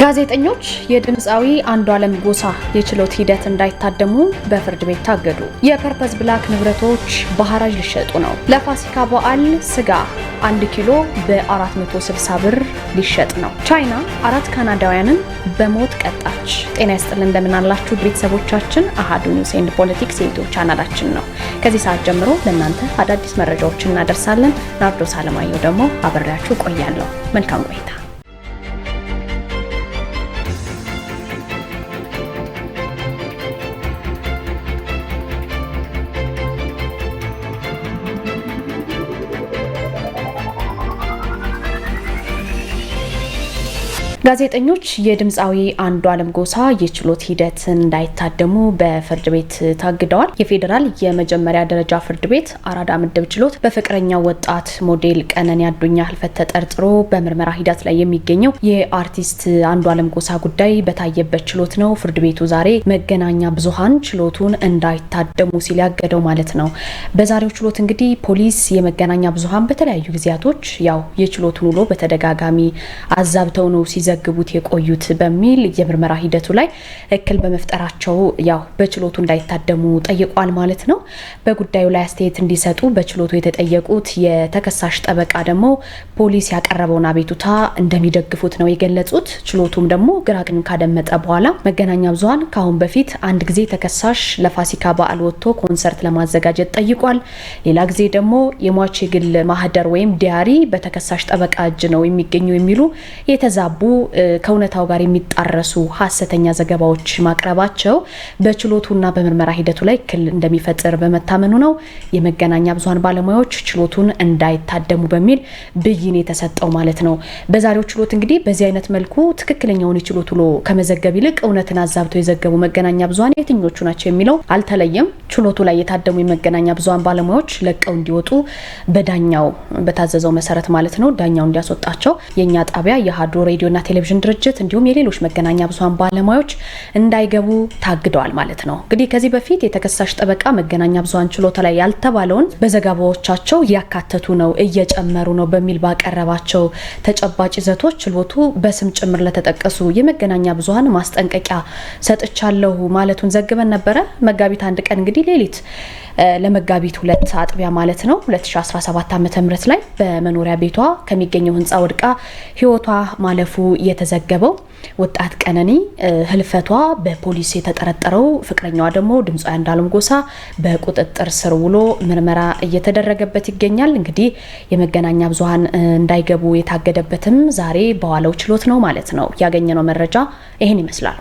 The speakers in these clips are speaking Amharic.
ጋዜጠኞች የድምፃዊ አንዷለም ጎሳ የችሎት ሂደት እንዳይታደሙ በፍርድ ቤት ታገዱ። የፐርፐዝ ብላክ ንብረቶች በሐራጅ ሊሸጡ ነው። ለፋሲካ በዓል ስጋ አንድ ኪሎ በ460 ብር ሊሸጥ ነው። ቻይና አራት ካናዳውያንን በሞት ቀጣች። ጤና ይስጥልን እንደምናላችሁ ቤተሰቦቻችን። አሃዱ ኒውስ ኤንድ ፖለቲክስ የዩቲዩብ ቻናላችን ነው። ከዚህ ሰዓት ጀምሮ ለእናንተ አዳዲስ መረጃዎችን እናደርሳለን። ናርዶስ አለማየሁ ደግሞ አብሬያችሁ ቆያለሁ። መልካም ቆይታ ጋዜጠኞች የድምፃዊ አንዷለም ጎሳ የችሎት ሂደት እንዳይታደሙ በፍርድ ቤት ታግደዋል። የፌዴራል የመጀመሪያ ደረጃ ፍርድ ቤት አራዳ ምድብ ችሎት በፍቅረኛው ወጣት ሞዴል ቀነኒ አዱኛ ህልፈት ተጠርጥሮ በምርመራ ሂደት ላይ የሚገኘው የአርቲስት አንዷለም ጎሳ ጉዳይ በታየበት ችሎት ነው። ፍርድ ቤቱ ዛሬ መገናኛ ብዙሃን ችሎቱን እንዳይታደሙ ሲል ያገደው ማለት ነው። በዛሬው ችሎት እንግዲህ ፖሊስ የመገናኛ ብዙሃን በተለያዩ ጊዜያቶች ያው የችሎቱን ውሎ በተደጋጋሚ አዛብተው ነው ሲዘ ሲያስመዘግቡት የቆዩት በሚል የምርመራ ሂደቱ ላይ እክል በመፍጠራቸው ያው በችሎቱ እንዳይታደሙ ጠይቋል ማለት ነው። በጉዳዩ ላይ አስተያየት እንዲሰጡ በችሎቱ የተጠየቁት የተከሳሽ ጠበቃ ደግሞ ፖሊስ ያቀረበውን አቤቱታ እንደሚደግፉት ነው የገለጹት። ችሎቱም ደግሞ ግራቅን ካደመጠ በኋላ መገናኛ ብዙሃን ከአሁን በፊት አንድ ጊዜ ተከሳሽ ለፋሲካ በዓል ወጥቶ ኮንሰርት ለማዘጋጀት ጠይቋል። ሌላ ጊዜ ደግሞ የሟች የግል ማህደር ወይም ዲያሪ በተከሳሽ ጠበቃ እጅ ነው የሚገኙ የሚሉ የተዛቡ ከእውነታው ጋር የሚጣረሱ ሀሰተኛ ዘገባዎች ማቅረባቸው በችሎቱና በምርመራ ሂደቱ ላይ እክል እንደሚፈጥር በመታመኑ ነው የመገናኛ ብዙሀን ባለሙያዎች ችሎቱን እንዳይታደሙ በሚል ብይን የተሰጠው ማለት ነው። በዛሬው ችሎት እንግዲህ በዚህ አይነት መልኩ ትክክለኛውን የችሎት ውሎ ከመዘገብ ይልቅ እውነትን አዛብተው የዘገቡ መገናኛ ብዙሀን የትኞቹ ናቸው የሚለው አልተለየም። ችሎቱ ላይ የታደሙ የመገናኛ ብዙሀን ባለሙያዎች ለቀው እንዲወጡ በዳኛው በታዘዘው መሰረት ማለት ነው ዳኛው እንዲያስወጣቸው የእኛ ጣቢያ የአሀዱ ሬዲዮና ቴሌቪዥን ድርጅት እንዲሁም የሌሎች መገናኛ ብዙሃን ባለሙያዎች እንዳይገቡ ታግደዋል ማለት ነው። እንግዲህ ከዚህ በፊት የተከሳሽ ጠበቃ መገናኛ ብዙሃን ችሎታ ላይ ያልተባለውን በዘገባዎቻቸው እያካተቱ ነው፣ እየጨመሩ ነው በሚል ባቀረባቸው ተጨባጭ ይዘቶች ችሎቱ በስም ጭምር ለተጠቀሱ የመገናኛ ብዙሃን ማስጠንቀቂያ ሰጥቻለሁ ማለቱን ዘግበን ነበረ። መጋቢት አንድ ቀን እንግዲህ ሌሊት ለመጋቢት ሁለት አጥቢያ ማለት ነው 2017 ዓ.ም ላይ በመኖሪያ ቤቷ ከሚገኘው ህንፃ ወድቃ ህይወቷ ማለፉ የተዘገበው ወጣት ቀነኒ ህልፈቷ በፖሊስ የተጠረጠረው ፍቅረኛዋ ደግሞ ድምፃዊ አንዱዓለም ጎሳ በቁጥጥር ስር ውሎ ምርመራ እየተደረገበት ይገኛል። እንግዲህ የመገናኛ ብዙሀን እንዳይገቡ የታገደበትም ዛሬ በዋለው ችሎት ነው ማለት ነው። ያገኘነው መረጃ ይህን ይመስላል።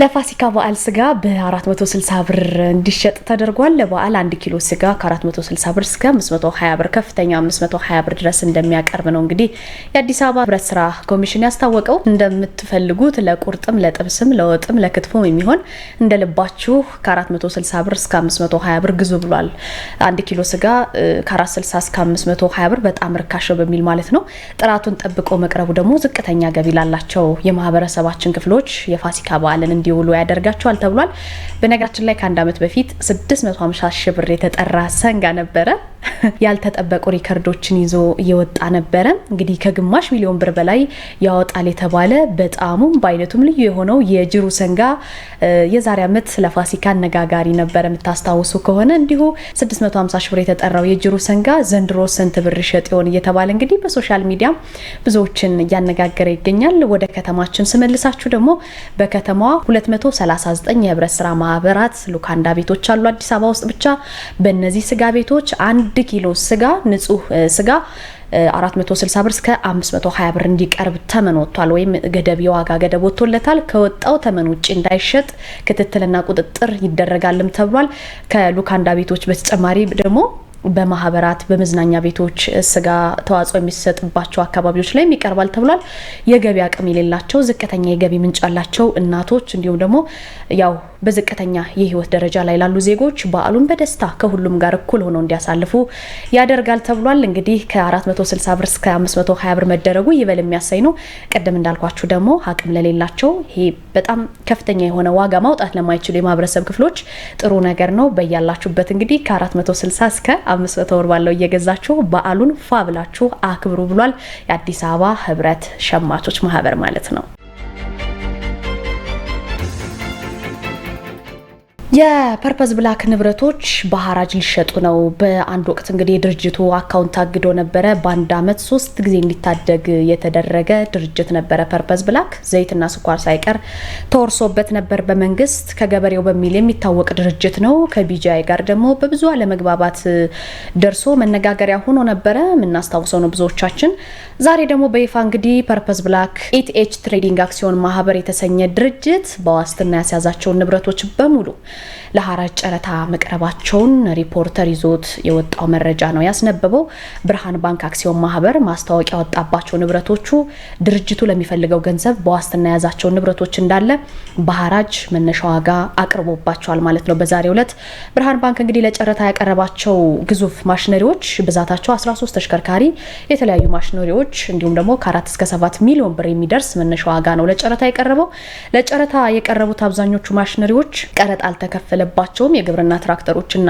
ለፋሲካ በዓል ስጋ በ460 ብር እንዲሸጥ ተደርጓል። ለበዓል 1 ኪሎ ስጋ ከ460 ብር እስከ 520 ብር ከፍተኛው 520 ብር ድረስ እንደሚያቀርብ ነው እንግዲህ የአዲስ አበባ ህብረት ስራ ኮሚሽን ያስታወቀው። እንደምትፈልጉት ለቁርጥም፣ ለጥብስም፣ ለወጥም ለክትፎም የሚሆን እንደ ልባችሁ ከ460 ብር እስከ 520 ብር ግዙ ብሏል። 1 ኪሎ ስጋ ከ460 እስከ 520 ብር በጣም ርካሽ ነው በሚል ማለት ነው። ጥራቱን ጠብቆ መቅረቡ ደግሞ ዝቅተኛ ገቢ ላላቸው የማህበረሰባችን ክፍሎች የፋሲካ በዓልን እንዲውሉ ያደርጋቸዋል ተብሏል። በነገራችን ላይ ከአንድ ዓመት በፊት 650 ሺህ ብር የተጠራ ሰንጋ ነበረ። ያልተጠበቁ ሪከርዶችን ይዞ እየወጣ ነበረ። እንግዲህ ከግማሽ ሚሊዮን ብር በላይ ያወጣል የተባለ በጣሙም በአይነቱም ልዩ የሆነው የጅሩ ሰንጋ የዛሬ ዓመት ለፋሲካ አነጋጋሪ ነበረ። የምታስታውሱ ከሆነ እንዲሁ 650 ሺህ ብር የተጠራው የጅሩ ሰንጋ ዘንድሮ ስንት ብር ሸጥ ይሆን እየተባለ እንግዲህ በሶሻል ሚዲያ ብዙዎችን እያነጋገረ ይገኛል። ወደ ከተማችን ስመልሳችሁ ደግሞ በከተማዋ 239 የህብረት ስራ ማህበራት ሉካንዳ ቤቶች አሉ አዲስ አበባ ውስጥ ብቻ። በእነዚህ ስጋ ቤቶች አንድ አንድ ኪሎ ስጋ ንጹህ ስጋ 460 ብር እስከ 520 ብር እንዲቀርብ ተመን ወጥቷል፣ ወይም ገደብ የዋጋ ገደብ ወጥቶለታል። ከወጣው ተመን ውጭ እንዳይሸጥ ክትትልና ቁጥጥር ይደረጋልም ተብሏል። ከሉካንዳ ቤቶች በተጨማሪ ደግሞ በማህበራት በመዝናኛ ቤቶች ስጋ ተዋጽኦ የሚሰጥባቸው አካባቢዎች ላይም ይቀርባል ተብሏል። የገቢ አቅም የሌላቸው ዝቅተኛ የገቢ ምንጭ ያላቸው እናቶች እንዲሁም ደግሞ ያው በዝቅተኛ የህይወት ደረጃ ላይ ላሉ ዜጎች በዓሉን በደስታ ከሁሉም ጋር እኩል ሆነው እንዲያሳልፉ ያደርጋል ተብሏል። እንግዲህ ከ460 ብር እስከ 520 ብር መደረጉ ይበል የሚያሳይ ነው። ቅድም እንዳልኳችሁ ደግሞ አቅም ለሌላቸው ይሄ በጣም ከፍተኛ የሆነ ዋጋ ማውጣት ለማይችሉ የማህበረሰብ ክፍሎች ጥሩ ነገር ነው። በያላችሁበት እንግዲህ ከ460 እስከ አምስት መቶ ብር ባለው እየገዛችሁ በዓሉን ፏ ብላችሁ አክብሩ ብሏል የአዲስ አበባ ህብረት ሸማቾች ማህበር ማለት ነው። የፐርፐዝ ብላክ ንብረቶች በሀራጅ ሊሸጡ ነው። በአንድ ወቅት እንግዲህ የድርጅቱ አካውንት አግዶ ነበረ። በአንድ አመት ሶስት ጊዜ እንዲታደግ የተደረገ ድርጅት ነበረ። ፐርፐዝ ብላክ ዘይትና ስኳር ሳይቀር ተወርሶበት ነበር በመንግስት ከገበሬው በሚል የሚታወቅ ድርጅት ነው። ከቢጂአይ ጋር ደግሞ በብዙ አለመግባባት ደርሶ መነጋገሪያ ሆኖ ነበረ። የምናስታውሰው ነው ብዙዎቻችን። ዛሬ ደግሞ በይፋ እንግዲህ ፐርፐዝ ብላክ ኢትኤች ትሬዲንግ አክሲዮን ማህበር የተሰኘ ድርጅት በዋስትና ያስያዛቸውን ንብረቶች በሙሉ ለሀራጅ ጨረታ መቅረባቸውን ሪፖርተር ይዞት የወጣው መረጃ ነው ያስነበበው። ብርሃን ባንክ አክሲዮን ማህበር ማስታወቂያ ወጣባቸው ንብረቶቹ ድርጅቱ ለሚፈልገው ገንዘብ በዋስትና የያዛቸው ንብረቶች እንዳለ በሀራጅ መነሻ ዋጋ አቅርቦባቸዋል ማለት ነው። በዛሬው ዕለት ብርሃን ባንክ እንግዲህ ለጨረታ ያቀረባቸው ግዙፍ ማሽነሪዎች ብዛታቸው 13 ተሽከርካሪ፣ የተለያዩ ማሽነሪዎች እንዲሁም ደግሞ ከ4 እስከ 7 ሚሊዮን ብር የሚደርስ መነሻ ዋጋ ነው ለጨረታ የቀረበው። ለጨረታ የቀረቡት አብዛኞቹ ማሽነሪዎች ቀረጥ ያልተከፈለባቸውም የግብርና ትራክተሮችና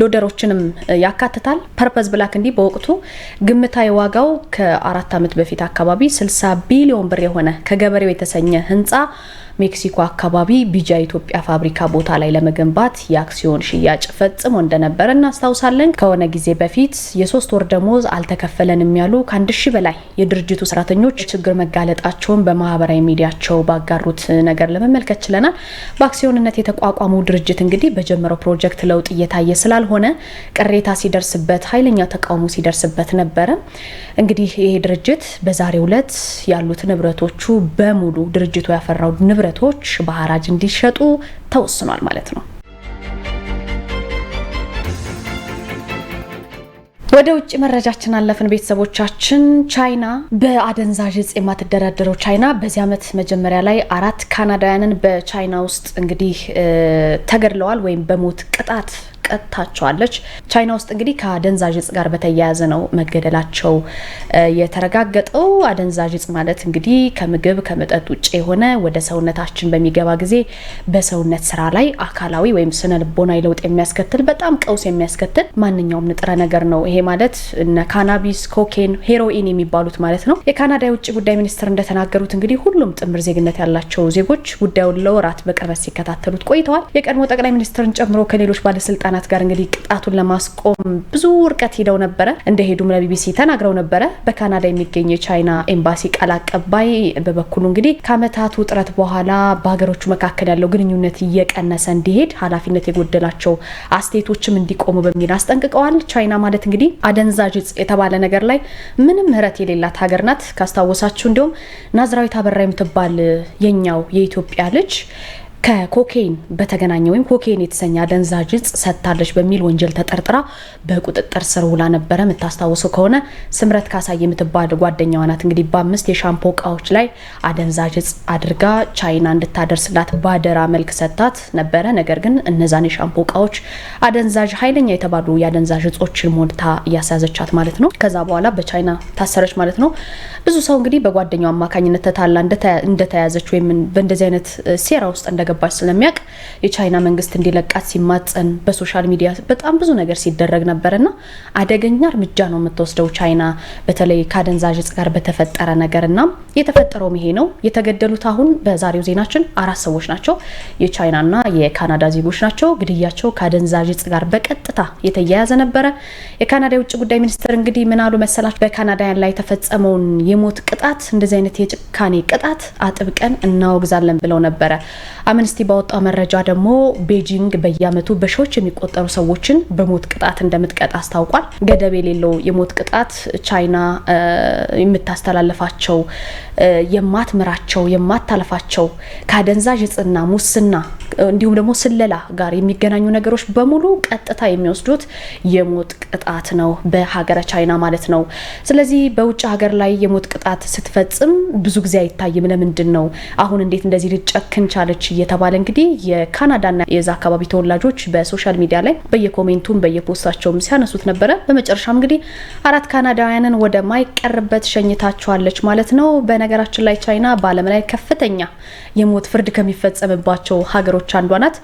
ሎደሮችንም ያካትታል። ፐርፐዝ ብላክ እንዲህ በወቅቱ ግምታዊ ዋጋው ከአራት ዓመት በፊት አካባቢ 60 ቢሊዮን ብር የሆነ ከገበሬው የተሰኘ ህንፃ ሜክሲኮ አካባቢ ቢጃ ኢትዮጵያ ፋብሪካ ቦታ ላይ ለመገንባት የአክሲዮን ሽያጭ ፈጽሞ እንደነበረ እናስታውሳለን። ከሆነ ጊዜ በፊት የሶስት ወር ደሞዝ አልተከፈለንም ያሉ ከአንድ ሺ በላይ የድርጅቱ ሰራተኞች ችግር መጋለጣቸውን በማህበራዊ ሚዲያቸው ባጋሩት ነገር ለመመልከት ችለናል። በአክሲዮንነት የተቋቋመው ድርጅት እንግዲህ በጀመረው ፕሮጀክት ለውጥ እየታየ ስላልሆነ ቅሬታ ሲደርስበት፣ ኃይለኛ ተቃውሞ ሲደርስበት ነበረ። እንግዲህ ይሄ ድርጅት በዛሬው ዕለት ያሉት ንብረቶቹ በሙሉ ድርጅቱ ያፈራው ንብረ ንብረቶች በሐራጅ እንዲሸጡ ተወስኗል ማለት ነው። ወደ ውጭ መረጃችን አለፍን። ቤተሰቦቻችን ቻይና በአደንዛዥ እጽ የማትደራደረው ቻይና በዚህ ዓመት መጀመሪያ ላይ አራት ካናዳውያንን በቻይና ውስጥ እንግዲህ ተገድለዋል ወይም በሞት ቅጣት ቀጥታቸዋለች። ቻይና ውስጥ እንግዲህ ከአደንዛዥ እጽ ጋር በተያያዘ ነው መገደላቸው የተረጋገጠው። አደንዛዥ እጽ ማለት እንግዲህ ከምግብ ከመጠጥ ውጭ የሆነ ወደ ሰውነታችን በሚገባ ጊዜ በሰውነት ስራ ላይ አካላዊ ወይም ስነ ልቦናዊ ለውጥ የሚያስከትል በጣም ቀውስ የሚያስከትል ማንኛውም ንጥረ ነገር ነው። ይሄ ማለት እነ ካናቢስ፣ ኮኬን፣ ሄሮኢን የሚባሉት ማለት ነው። የካናዳ የውጭ ጉዳይ ሚኒስትር እንደተናገሩት እንግዲህ ሁሉም ጥምር ዜግነት ያላቸው ዜጎች ጉዳዩን ለወራት በቅርበት ሲከታተሉት ቆይተዋል። የቀድሞ ጠቅላይ ሚኒስትርን ጨምሮ ከሌሎች ባለስልጣናት ባለስልጣናት ጋር እንግዲህ ቅጣቱን ለማስቆም ብዙ ርቀት ሂደው ነበረ። እንደሄዱም ለቢቢሲ ተናግረው ነበረ። በካናዳ የሚገኝ የቻይና ኤምባሲ ቃል አቀባይ በበኩሉ እንግዲህ ከዓመታት ውጥረት በኋላ በሀገሮቹ መካከል ያለው ግንኙነት እየቀነሰ እንዲሄድ ኃላፊነት የጎደላቸው አስተያየቶችም እንዲቆሙ በሚል አስጠንቅቀዋል። ቻይና ማለት እንግዲህ አደንዛዥ እጽ የተባለ ነገር ላይ ምንም ምህረት የሌላት ሀገር ናት። ካስታወሳችሁ እንዲሁም ናዝራዊት አበራ የምትባል የኛው የኢትዮጵያ ልጅ ከኮኬን በተገናኘ ወይም ኮኬን የተሰኘ አደንዛዥ እጽ ሰጥታለች በሚል ወንጀል ተጠርጥራ በቁጥጥር ስር ውላ ነበረ። የምታስታውሰው ከሆነ ስምረት ካሳይ የምትባል ጓደኛዋ ናት። እንግዲህ በአምስት የሻምፖ እቃዎች ላይ አደንዛዥ እጽ አድርጋ ቻይና እንድታደርስላት ባደራ መልክ ሰጥታት ነበረ። ነገር ግን እነዛን የሻምፖ እቃዎች አደንዛዥ ኃይለኛ የተባሉ የአደንዛዥ እጾችን ሞልታ እያስያዘቻት ማለት ነው። ከዛ በኋላ በቻይና ታሰረች ማለት ነው። ብዙ ሰው እንግዲህ በጓደኛው አማካኝነት ተታላ እንደተያዘች ወይም በእንደዚህ አይነት ሴራ ውስጥ እንደገ እንደገባች ስለሚያውቅ የቻይና መንግስት እንዲለቃት ሲማጸን በሶሻል ሚዲያ በጣም ብዙ ነገር ሲደረግ ነበርና አደገኛ እርምጃ ነው የምትወስደው ቻይና በተለይ ከአደንዛዥ እጽ ጋር በተፈጠረ ነገር እና የተፈጠረውም ይሄ ነው። የተገደሉት አሁን በዛሬው ዜናችን አራት ሰዎች ናቸው። የቻይናና የካናዳ ዜጎች ናቸው። ግድያቸው ከአደንዛዥ እጽ ጋር በቀጥታ የተያያዘ ነበረ። የካናዳ የውጭ ጉዳይ ሚኒስትር እንግዲህ ምን አሉ መሰላቸው በካናዳውያን ላይ የተፈጸመውን የሞት ቅጣት እንደዚህ አይነት የጭካኔ ቅጣት አጥብቀን እናወግዛለን ብለው ነበረ። አምነስቲ ባወጣ መረጃ ደግሞ ቤጂንግ በየአመቱ በሺዎች የሚቆጠሩ ሰዎችን በሞት ቅጣት እንደምትቀጣ አስታውቋል። ገደብ የሌለው የሞት ቅጣት ቻይና የምታስተላልፋቸው የማትምራቸው የማታልፋቸው ከአደንዛዥ እጽና ሙስና እንዲሁም ደግሞ ስለላ ጋር የሚገናኙ ነገሮች በሙሉ ቀጥታ የሚወስዱት የሞት ቅጣት ነው፣ በሀገረ ቻይና ማለት ነው። ስለዚህ በውጭ ሀገር ላይ የሞት ቅጣት ስትፈጽም ብዙ ጊዜ አይታይም። ለምንድን ነው አሁን እንዴት እንደዚህ ልጨክን ቻለች እየተ ከተባለ እንግዲህ የካናዳና የዛ አካባቢ ተወላጆች በሶሻል ሚዲያ ላይ በየኮሜንቱም በየፖስታቸውም ሲያነሱት ነበረ። በመጨረሻም እንግዲህ አራት ካናዳውያንን ወደማይቀርበት ሸኝታቸዋለች ማለት ነው። በነገራችን ላይ ቻይና በዓለም ላይ ከፍተኛ የሞት ፍርድ ከሚፈጸምባቸው ሀገሮች አንዷ ናት።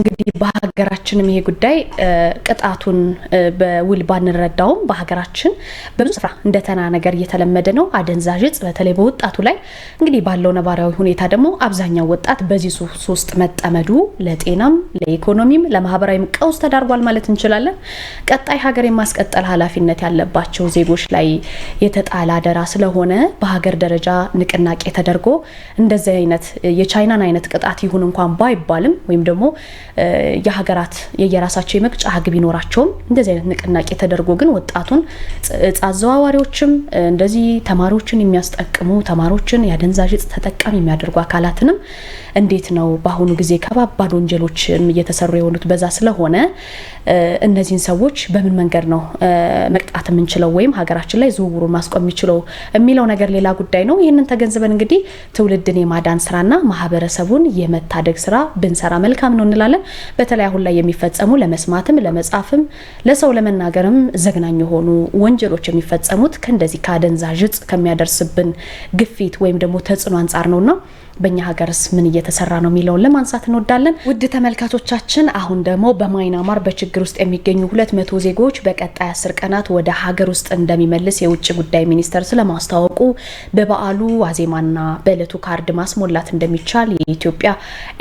እንግዲህ በሀገራችንም ይሄ ጉዳይ ቅጣቱን በውል ባንረዳውም በሀገራችን በብዙ ስፍራ እንደተና ነገር እየተለመደ ነው። አደንዛዥ እጽ በተለይ በወጣቱ ላይ እንግዲህ ባለው ነባራዊ ሁኔታ ደግሞ አብዛኛው ወጣት በዚህ ሱስ ውስጥ መጠመዱ ለጤናም፣ ለኢኮኖሚም፣ ለማህበራዊም ቀውስ ተዳርጓል ማለት እንችላለን። ቀጣይ ሀገር የማስቀጠል ኃላፊነት ያለባቸው ዜጎች ላይ የተጣለ አደራ ስለሆነ በሀገር ደረጃ ንቅናቄ ተደርጎ እንደዚህ አይነት የቻይናን አይነት ቅጣት ይሁን እንኳን ባይባልም ወይም ደግሞ የሀገራት የየራሳቸው የመቅጫ ህግ ቢኖራቸውም እንደዚህ አይነት ንቅናቄ ተደርጎ ግን ወጣቱን እጽ አዘዋዋሪዎችም እንደዚህ ተማሪዎችን የሚያስጠቅሙ ተማሪዎችን የአደንዛዥ እጽ ተጠቃሚ የሚያደርጉ አካላትንም እንዴት ነው በአሁኑ ጊዜ ከባባድ ወንጀሎች እየተሰሩ የሆኑት በዛ ስለሆነ እነዚህን ሰዎች በምን መንገድ ነው መቅጣት የምንችለው ወይም ሀገራችን ላይ ዝውውሩን ማስቆም የሚችለው የሚለው ነገር ሌላ ጉዳይ ነው። ይህንን ተገንዝበን እንግዲህ ትውልድን የማዳን ስራና ማህበረሰቡን የመታደግ ስራ ብንሰራ መልካም ነው እንላለን። ዓለም በተለይ አሁን ላይ የሚፈጸሙ ለመስማትም ለመጻፍም ለሰው ለመናገርም ዘግናኝ የሆኑ ወንጀሎች የሚፈጸሙት ከእንደዚህ ከአደንዛዥ እጽ ከሚያደርስብን ግፊት ወይም ደግሞ ተጽዕኖ አንጻር ነውና በእኛ ሀገርስ ምን እየተሰራ ነው የሚለውን ለማንሳት እንወዳለን። ውድ ተመልካቾቻችን አሁን ደግሞ በማይናማር በችግር ውስጥ የሚገኙ ሁለት መቶ ዜጎች በቀጣይ አስር ቀናት ወደ ሀገር ውስጥ እንደሚመልስ የውጭ ጉዳይ ሚኒስቴር ስለማስታወቁ በበዓሉ ዋዜማና በእለቱ ካርድ ማስሞላት እንደሚቻል የኢትዮጵያ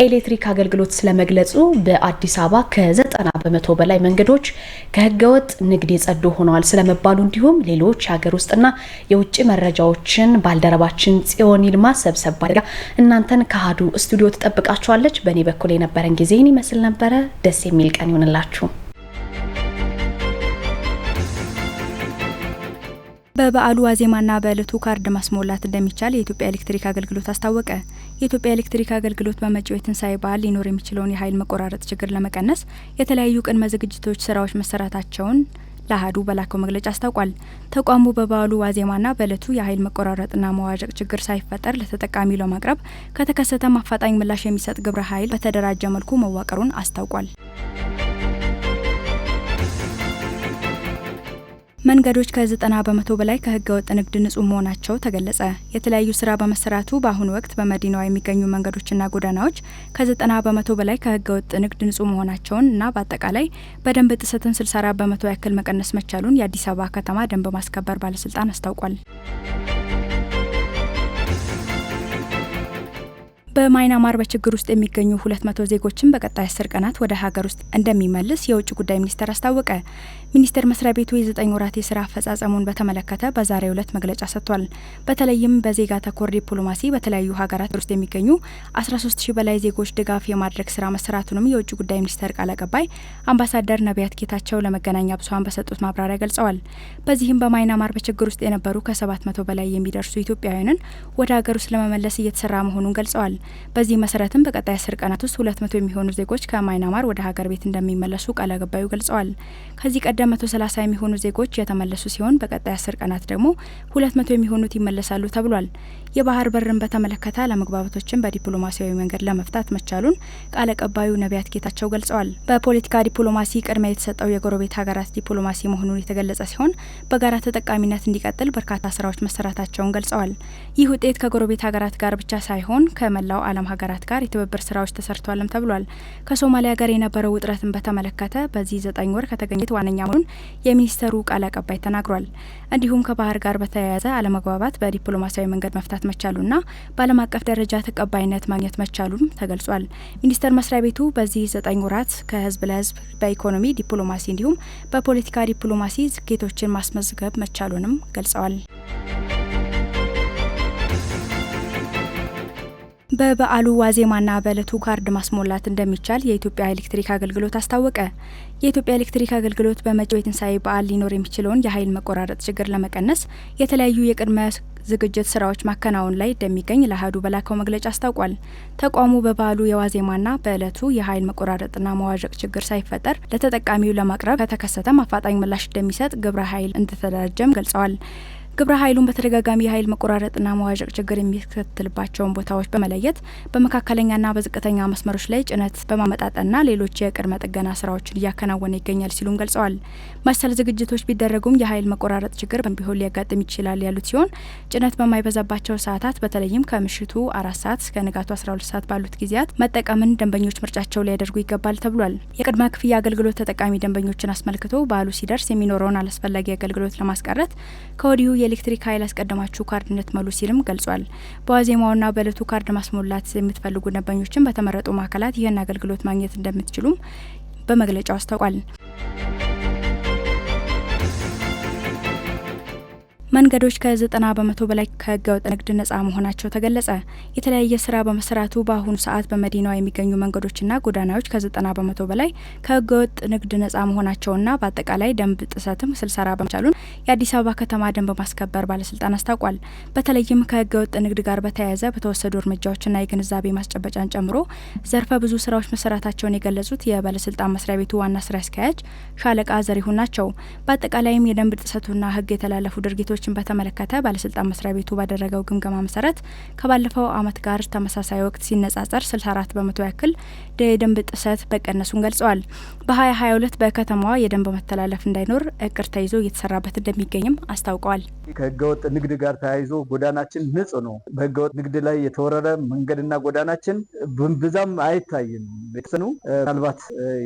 ኤሌክትሪክ አገልግሎት ስለመግለጹ በአዲስ አበባ ከዘጠና በመቶ በላይ መንገዶች ከህገወጥ ንግድ የጸዱ ሆነዋል ስለመባሉ እንዲሁም ሌሎች የሀገር ውስጥና የውጭ መረጃዎችን ባልደረባችን ጽዮን ይልማ ሰብሰብ እናንተን ከአሀዱ ስቱዲዮ ትጠብቃችኋለች። በእኔ በኩል የነበረን ጊዜ ይመስል ነበረ። ደስ የሚል ቀን ይሆንላችሁ። በበዓሉ ዋዜማና በእለቱ ካርድ ማስሞላት እንደሚቻል የኢትዮጵያ ኤሌክትሪክ አገልግሎት አስታወቀ። የኢትዮጵያ ኤሌክትሪክ አገልግሎት በመጪው የትንሳኤ በዓል ሊኖር የሚችለውን የኃይል መቆራረጥ ችግር ለመቀነስ የተለያዩ ቅድመ ዝግጅቶች ስራዎች መሰራታቸውን ለአህዱ በላከው መግለጫ አስታውቋል። ተቋሙ በበዓሉ ዋዜማና በእለቱ የኃይል መቆራረጥና መዋዠቅ ችግር ሳይፈጠር ለተጠቃሚ ለማቅረብ ከተከሰተም አፋጣኝ ምላሽ የሚሰጥ ግብረ ኃይል በተደራጀ መልኩ መዋቀሩን አስታውቋል። መንገዶች ከ90 በመቶ በላይ ከህገ ወጥ ንግድ ንጹህ መሆናቸው ተገለጸ። የተለያዩ ስራ በመሰራቱ በአሁኑ ወቅት በመዲናዋ የሚገኙ መንገዶችና ጎዳናዎች ከ90 በመቶ በላይ ከህገ ወጥ ንግድ ንጹህ መሆናቸውን እና በአጠቃላይ በደንብ ጥሰትን 64 በመቶ ያክል መቀነስ መቻሉን የአዲስ አበባ ከተማ ደንብ ማስከበር ባለስልጣን አስታውቋል። በማይናማር በችግር ውስጥ የሚገኙ ሁለት መቶ ዜጎችን በቀጣይ አስር ቀናት ወደ ሀገር ውስጥ እንደሚመልስ የውጭ ጉዳይ ሚኒስቴር አስታወቀ። ሚኒስቴር መስሪያ ቤቱ የዘጠኝ ወራት የስራ አፈጻጸሙን በተመለከተ በዛሬው ዕለት መግለጫ ሰጥቷል። በተለይም በዜጋ ተኮር ዲፕሎማሲ በተለያዩ ሀገራት ውስጥ የሚገኙ 13 ሺ በላይ ዜጎች ድጋፍ የማድረግ ስራ መሰራቱንም የውጭ ጉዳይ ሚኒስቴር ቃል አቀባይ አምባሳደር ነቢያት ጌታቸው ለመገናኛ ብዙኃን በሰጡት ማብራሪያ ገልጸዋል። በዚህም በማይናማር በችግር ውስጥ የነበሩ ከ700 በላይ የሚደርሱ ኢትዮጵያውያንን ወደ ሀገር ውስጥ ለመመለስ እየተሰራ መሆኑን ገልጸዋል። በዚህ መሰረትም በቀጣይ አስር ቀናት ውስጥ 200 የሚሆኑ ዜጎች ከማይናማር ወደ ሀገር ቤት እንደሚመለሱ ቃል አቀባዩ ገልጸዋል። ከዚህ ቀደም ወደ 130 የሚሆኑ ዜጎች የተመለሱ ሲሆን በቀጣይ አስር ቀናት ደግሞ 200 የሚሆኑት ይመለሳሉ ተብሏል። የባህር በርን በተመለከተ አለመግባባቶችን በዲፕሎማሲያዊ መንገድ ለመፍታት መቻሉን ቃል አቀባዩ ነቢያት ጌታቸው ገልጸዋል። በፖለቲካ ዲፕሎማሲ ቅድሚያ የተሰጠው የጎረቤት ሀገራት ዲፕሎማሲ መሆኑን የተገለጸ ሲሆን በጋራ ተጠቃሚነት እንዲቀጥል በርካታ ስራዎች መሰራታቸውን ገልጸዋል። ይህ ውጤት ከጎረቤት ሀገራት ጋር ብቻ ሳይሆን ከመላው ዓለም ሀገራት ጋር የትብብር ስራዎች ተሰርተዋልም ተብሏል። ከሶማሊያ ጋር የነበረው ውጥረትን በተመለከተ በዚህ ዘጠኝ ወር ከተገኘት ዋነኛ መሆኑን የሚኒስተሩ ቃል አቀባይ ተናግሯል። እንዲሁም ከባህር ጋር በተያያዘ አለመግባባት በዲፕሎማሲያዊ መንገድ መፍታት መቻሉና በዓለም አቀፍ ደረጃ ተቀባይነት ማግኘት መቻሉም ተገልጿል። ሚኒስቴር መስሪያ ቤቱ በዚህ ዘጠኝ ወራት ከህዝብ ለህዝብ በኢኮኖሚ ዲፕሎማሲ እንዲሁም በፖለቲካ ዲፕሎማሲ ስኬቶችን ማስመዝገብ መቻሉንም ገልጸዋል። በበዓሉ ዋዜማና በእለቱ ካርድ ማስሞላት እንደሚቻል የኢትዮጵያ ኤሌክትሪክ አገልግሎት አስታወቀ። የኢትዮጵያ ኤሌክትሪክ አገልግሎት በመጪው የትንሳኤ በዓል ሊኖር የሚችለውን የኃይል መቆራረጥ ችግር ለመቀነስ የተለያዩ የቅድመ ዝግጅት ስራዎች ማከናወን ላይ እንደሚገኝ ለሀዱ በላከው መግለጫ አስታውቋል። ተቋሙ በበዓሉ የዋዜማና በዕለቱ የኃይል መቆራረጥና መዋዠቅ ችግር ሳይፈጠር ለተጠቃሚው ለማቅረብ ከተከሰተም አፋጣኝ ምላሽ እንደሚሰጥ ግብረ ኃይል እንደተደራጀም ገልጸዋል። ግብረ ኃይሉን በተደጋጋሚ የኃይል መቆራረጥና መዋዠቅ ችግር የሚከትልባቸውን ቦታዎች በመለየት በመካከለኛና በዝቅተኛ መስመሮች ላይ ጭነት በማመጣጠንና ሌሎች የቅድመ ጥገና ስራዎችን እያከናወነ ይገኛል ሲሉም ገልጸዋል። መሰል ዝግጅቶች ቢደረጉም የኃይል መቆራረጥ ችግር ቢሆን ሊያጋጥም ይችላል ያሉት ሲሆን ጭነት በማይበዛባቸው ሰዓታት በተለይም ከምሽቱ አራት ሰዓት እስከ ንጋቱ ሁለት ሰዓት ባሉት ጊዜያት መጠቀምን ደንበኞች ምርጫቸው ሊያደርጉ ይገባል ተብሏል። የቅድመ ክፍያ አገልግሎት ተጠቃሚ ደንበኞችን አስመልክቶ በዓሉ ሲደርስ የሚኖረውን አላስፈላጊ አገልግሎት ለማስቀረት ከወዲሁ የኤሌክትሪክ ኃይል አስቀድማችሁ ካርድነት መሉ ሲልም ገልጿል። በዋዜማውና በእለቱ ካርድ ማስሞላት የምትፈልጉ ደንበኞችን በተመረጡ ማዕከላት ይህን አገልግሎት ማግኘት እንደምትችሉም በመግለጫው አስታውቋል። መንገዶች ከ90 በመቶ በላይ ከህገወጥ ንግድ ነጻ መሆናቸው ተገለጸ። የተለያየ ስራ በመስራቱ በአሁኑ ሰዓት በመዲናዋ የሚገኙ መንገዶችና ጎዳናዎች ከ90 በመቶ በላይ ከህገወጥ ንግድ ነጻ መሆናቸውና በአጠቃላይ ደንብ ጥሰትም ስልሰራ በመቻሉን የአዲስ አበባ ከተማ ደንብ ማስከበር ባለስልጣን አስታውቋል። በተለይም ከህገወጥ ንግድ ጋር በተያያዘ በተወሰዱ እርምጃዎችና የግንዛቤ ማስጨበጫን ጨምሮ ዘርፈ ብዙ ስራዎች መሰራታቸውን የገለጹት የባለስልጣን መስሪያ ቤቱ ዋና ስራ አስኪያጅ ሻለቃ ዘሪሁን ናቸው። በአጠቃላይም የደንብ ጥሰቱና ህግ የተላለፉ ድርጊቶች ጉዳዮችን በተመለከተ ባለስልጣን መስሪያ ቤቱ ባደረገው ግምገማ መሰረት ከባለፈው ዓመት ጋር ተመሳሳይ ወቅት ሲነጻጸር 64 በመቶ ያክል የደንብ ጥሰት መቀነሱን ገልጸዋል። በ2022 በከተማዋ የደንብ መተላለፍ እንዳይኖር እቅድ ተይዞ እየተሰራበት እንደሚገኝም አስታውቀዋል። ከህገወጥ ንግድ ጋር ተያይዞ ጎዳናችን ንጹ ነው። በህገወጥ ንግድ ላይ የተወረረ መንገድና ጎዳናችን ብዛም አይታይም። ቤተሰኑ ምናልባት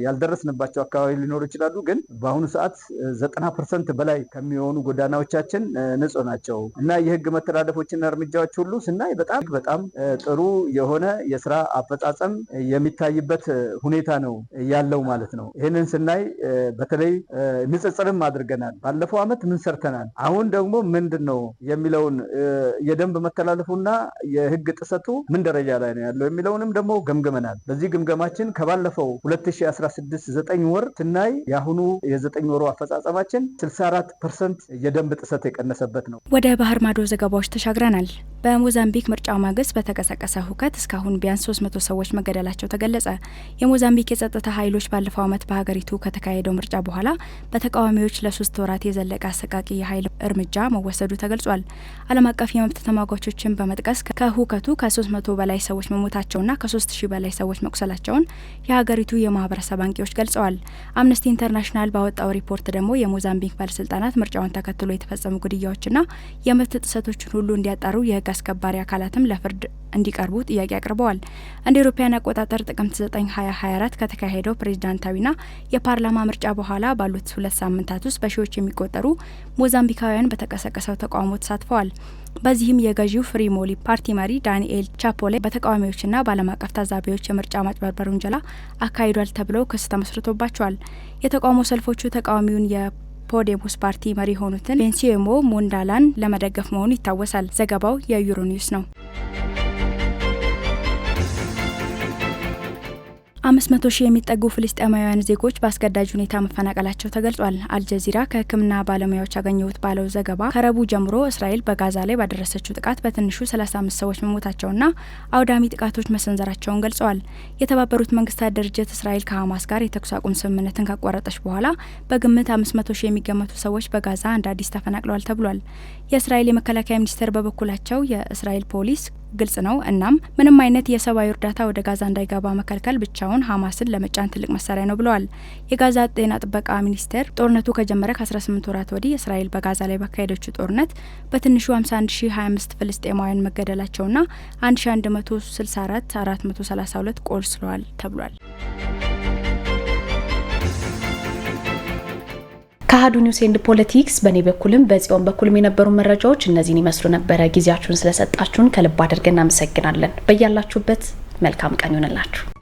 ያልደረስንባቸው አካባቢ ሊኖሩ ይችላሉ። ግን በአሁኑ ሰዓት ዘጠና ፐርሰንት በላይ ከሚሆኑ ጎዳናዎቻችን ንጹህ ናቸው እና የህግ መተላለፎችና እርምጃዎች ሁሉ ስናይ በጣም በጣም ጥሩ የሆነ የስራ አፈጻጸም የሚታይበት ሁኔታ ነው ያለው ማለት ነው። ይህንን ስናይ በተለይ ንጽጽርም አድርገናል። ባለፈው ዓመት ምን ሰርተናል፣ አሁን ደግሞ ምንድን ነው የሚለውን የደንብ መተላለፉና የህግ ጥሰቱ ምን ደረጃ ላይ ነው ያለው የሚለውንም ደግሞ ገምግመናል። በዚህ ግምገማችን ከባለፈው 2016 ዘጠኝ ወር ስናይ የአሁኑ የዘጠኝ ወሩ አፈጻጸማችን 64 ፐርሰንት የደንብ ጥሰት የቀነሰ የደረሰበት ነው። ወደ ባህር ማዶ ዘገባዎች ተሻግረናል። በሞዛምቢክ ምርጫው ማግስት በተቀሰቀሰ ሁከት እስካሁን ቢያንስ 300 ሰዎች መገደላቸው ተገለጸ። የሞዛምቢክ የጸጥታ ኃይሎች ባለፈው ዓመት በሀገሪቱ ከተካሄደው ምርጫ በኋላ በተቃዋሚዎች ለሶስት ወራት የዘለቀ አሰቃቂ የኃይል እርምጃ መወሰዱ ተገልጿል። ዓለም አቀፍ የመብት ተሟጋቾችን በመጥቀስ ከሁከቱ ከ300 በላይ ሰዎች መሞታቸውና ከ3000 በላይ ሰዎች መቁሰላቸውን የሀገሪቱ የማህበረሰብ አንቂዎች ገልጸዋል። አምነስቲ ኢንተርናሽናል ባወጣው ሪፖርት ደግሞ የሞዛምቢክ ባለስልጣናት ምርጫውን ተከትሎ የተፈጸሙ ግድያ ግድያዎችና የመብት ጥሰቶችን ሁሉ እንዲያጣሩ የህግ አስከባሪ አካላትም ለፍርድ እንዲቀርቡ ጥያቄ አቅርበዋል። እንደ አውሮፓውያን አቆጣጠር ጥቅምት 9 2024 ከተካሄደው ፕሬዚዳንታዊና የፓርላማ ምርጫ በኋላ ባሉት ሁለት ሳምንታት ውስጥ በሺዎች የሚቆጠሩ ሞዛምቢካውያን በተቀሰቀሰው ተቃውሞ ተሳትፈዋል። በዚህም የገዢው ፍሪሞሊ ፓርቲ መሪ ዳንኤል ቻፖሌ በተቃዋሚዎችና በዓለም አቀፍ ታዛቢዎች የምርጫ ማጭበርበር ውንጀላ አካሂዷል ተብለው ክስ ተመስርቶባቸዋል። የተቃውሞ ሰልፎቹ ተቃዋሚውን ፖዴሞስ ፓርቲ መሪ የሆኑትን ቤንሲሞ ሞንዳላን ለመደገፍ መሆኑ ይታወሳል። ዘገባው የዩሮኒውስ ነው። አምስት መቶ ሺህ የሚጠጉ ፍልስጤማውያን ዜጎች በአስገዳጅ ሁኔታ መፈናቀላቸው ተገልጿል። አልጀዚራ ከሕክምና ባለሙያዎች ያገኘሁት ባለው ዘገባ ከረቡ ጀምሮ እስራኤል በጋዛ ላይ ባደረሰችው ጥቃት በትንሹ 35 ሰዎች መሞታቸውና አውዳሚ ጥቃቶች መሰንዘራቸውን ገልጸዋል። የተባበሩት መንግስታት ድርጅት እስራኤል ከሐማስ ጋር የተኩስ አቁም ስምምነትን ካቋረጠች በኋላ በግምት 500 ሺህ የሚገመቱ ሰዎች በጋዛ እንደ አዲስ ተፈናቅለዋል ተብሏል። የእስራኤል የመከላከያ ሚኒስቴር በበኩላቸው የእስራኤል ፖሊስ ግልጽ ነው። እናም ምንም አይነት የሰብአዊ እርዳታ ወደ ጋዛ እንዳይገባ መከልከል ብቻውን ሀማስን ለመጫን ትልቅ መሳሪያ ነው ብለዋል። የጋዛ ጤና ጥበቃ ሚኒስቴር ጦርነቱ ከጀመረ ከ18 ወራት ወዲህ እስራኤል በጋዛ ላይ ባካሄደችው ጦርነት በትንሹ 51025 ፍልስጤማውያን መገደላቸውና 1164 432 ቆስለዋል ተብሏል። ከአህዱ ኒውስ ኤንድ ፖለቲክስ በእኔ በኩልም በጽዮን በኩልም የነበሩ መረጃዎች እነዚህን ይመስሉ ነበረ። ጊዜያችሁን ስለሰጣችሁን ከልብ አድርገን እናመሰግናለን። በያላችሁበት መልካም ቀን ይሆንላችሁ።